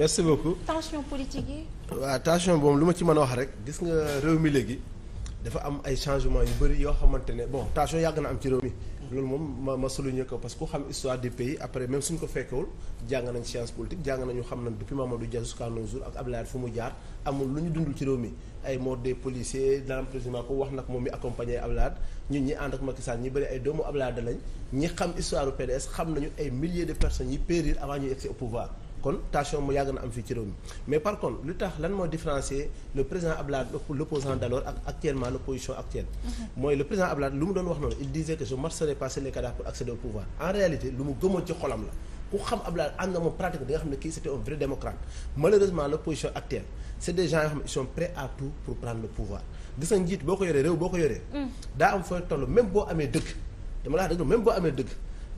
merci beaucoup tension politique yi. waaw tension boobu lu ma ci mën a wax rek gis nga réew mi léegi dafa am ay changements yu bari yoo xamante ne bon tension yàgg na am ci réew mi. loolu moom ma ma lu ko parce que ku xam histoire du pays après même suñ ko fekkewul jàng nañ science politique jàng nañu xam na depuis Mamadou Dia jusqu'à nos jours ak Abdoulaye fu mu jaar amul lu ñu dundul ci réew mi ay mort des policier daan président ko wax nag moom mi accompagné Abdoulaye ñun ñi ànd ak Macky Sall ñi bëri ay doomu Abdoulaye lañ xam histoire xam nañu ay milliers de personnes yi périr kon tension mu yàgg na am fii ci réew mi mais par contre lu tax lan moo différencier le président Abdoulaye mhm. lu mu doon wax noonu il disait que je marcherai passer les cadavres pour accéder au pouvoir en réalité lu mu gëmoon ci xolam la ku xam Abdoulaye ànd na moom pratique da nga xam ne kii c'était un vrai démocrate malheureusement l'opposition actuelle c'est des gens yoo xam ne ils sont prêts à tout pour prendre le pouvoir gis nga njiit boo ko yoree réew boo ko yoree mm. daa am fooy toll même la wax dëgg même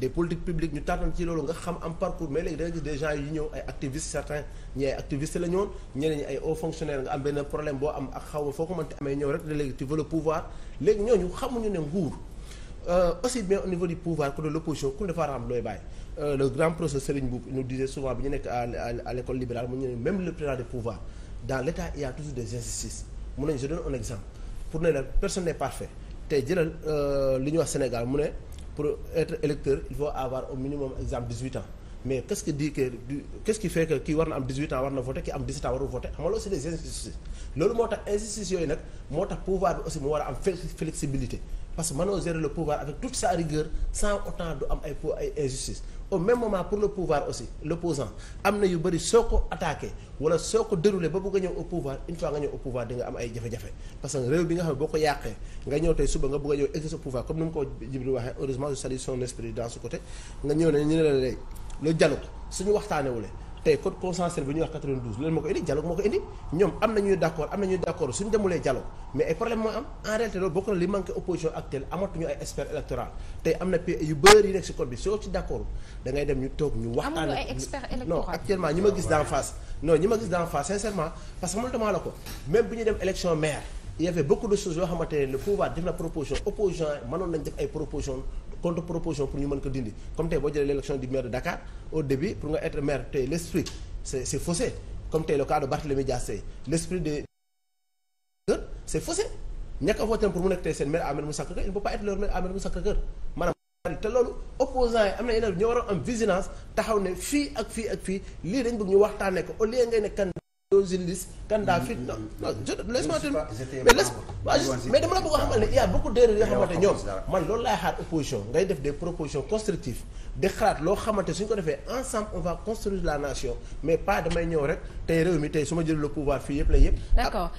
des politiques publiques ñu tànn ci loolu nga xam am parcours mais léegi da nga gis des gens yu ñëw ay activistes certains ñi ay activistes la ñoon ñeneen ñi ay hauts fonctionnaires nga am benn problème boo am ak xaw ma foo ko mënti amee ñëw rek da léegi tu pouvoir léegi ñooñu xamuñu ne nguur euh, aussi bien au niveau du pouvoir que de l'opposition ku ne dafa war looy bàyyi euh, le grand professeur Serigne Mboup nous disait souvent bi ñu nekk à ne même le président de pouvoir dans l'état il a toujours des injustices mu ne je donne un euh, li ñuy wax Sénégal mu ne pour être électeur il faut avoir au minimum exemple 18 ans mais qu'est-ce qui dit que qu'est-ce qui fait war na am 18 ans war na voter ki am 17 ans warul voter xam nga loolu c'est des institutions loolu moo tax institutions yi nag moo tax pouvoir bi aussi mu war a am flexibilité parce que mënoo gérer le pouvoir avec toute sa rigueur sans autant du am ay po ay injustice au même moment pour le pouvoir aussi l'opposant am na yu bëri soo ko attaqué wala soo ko déroulé ba bëgg a ñëw au pouvoir fois nga ñëw au pouvoir am ay jafe-jafe parce que réew bi nga xam ne boo ko yàqee nga ñëw tey suba nga bëgg a ñëw exercer pouvoir comme ni mu ko Jibril waxee heureusement je salue son esprit dans ce nga ñëw ne ñu ne la le dialogue suñu waxtaanewulee tey code consensuel bi ñuy wax 92 loolu moo ko indi dialogue moo ko indi ñoom am nañuy d' accord am nañuy d' accord suñu demulee dialogue mais ay problème mooy am en réalité loolu bokk na li manqué opposition actuelle amatuñu ay expert électoral tey am na pays yu bëri yu nekk si code bi soo ci d' accord ngay dem ñu toog ñu waxtaan non actuellement ñi ma gis d'en face non ñi ma gis d'en face sincèrement parce que mën damaa la ko même bu ñu contre proposition pour ñu mën ko dindi comme tey boo jëlee l'élection du maire de Dakar au début pour nga être maire tey l'esprit c'est c'est faussé comme tey le cas de Barthélémy Dias tey l'esprit de c'est faussé ñàkk a voté pour mu nekk tey seen maire Amadou Moussa Kër il ne peut pas être leur maire Amadou Moussa Kër maanaam te loolu opposants yi am na yeneen ñoo waroon am vigilance taxaw ne fii ak fii ak fii lii dañ bëgg ñu waxtaanee ko au ngay ne aux indices candidat fit mm-hmm. non non laisse-moi terminer mais laisse mais dama la bëgg a xamal ne il y a yoo xamante ñoom man loolu laay xaar opposition ngay def des propositions constructives di xalaat loo xamante suñ ko defee ensemble on va la nation mais pas damay ñëw rek tey réew mi tey su ma jël le pouvoir fii yëpp la yëpp d'accord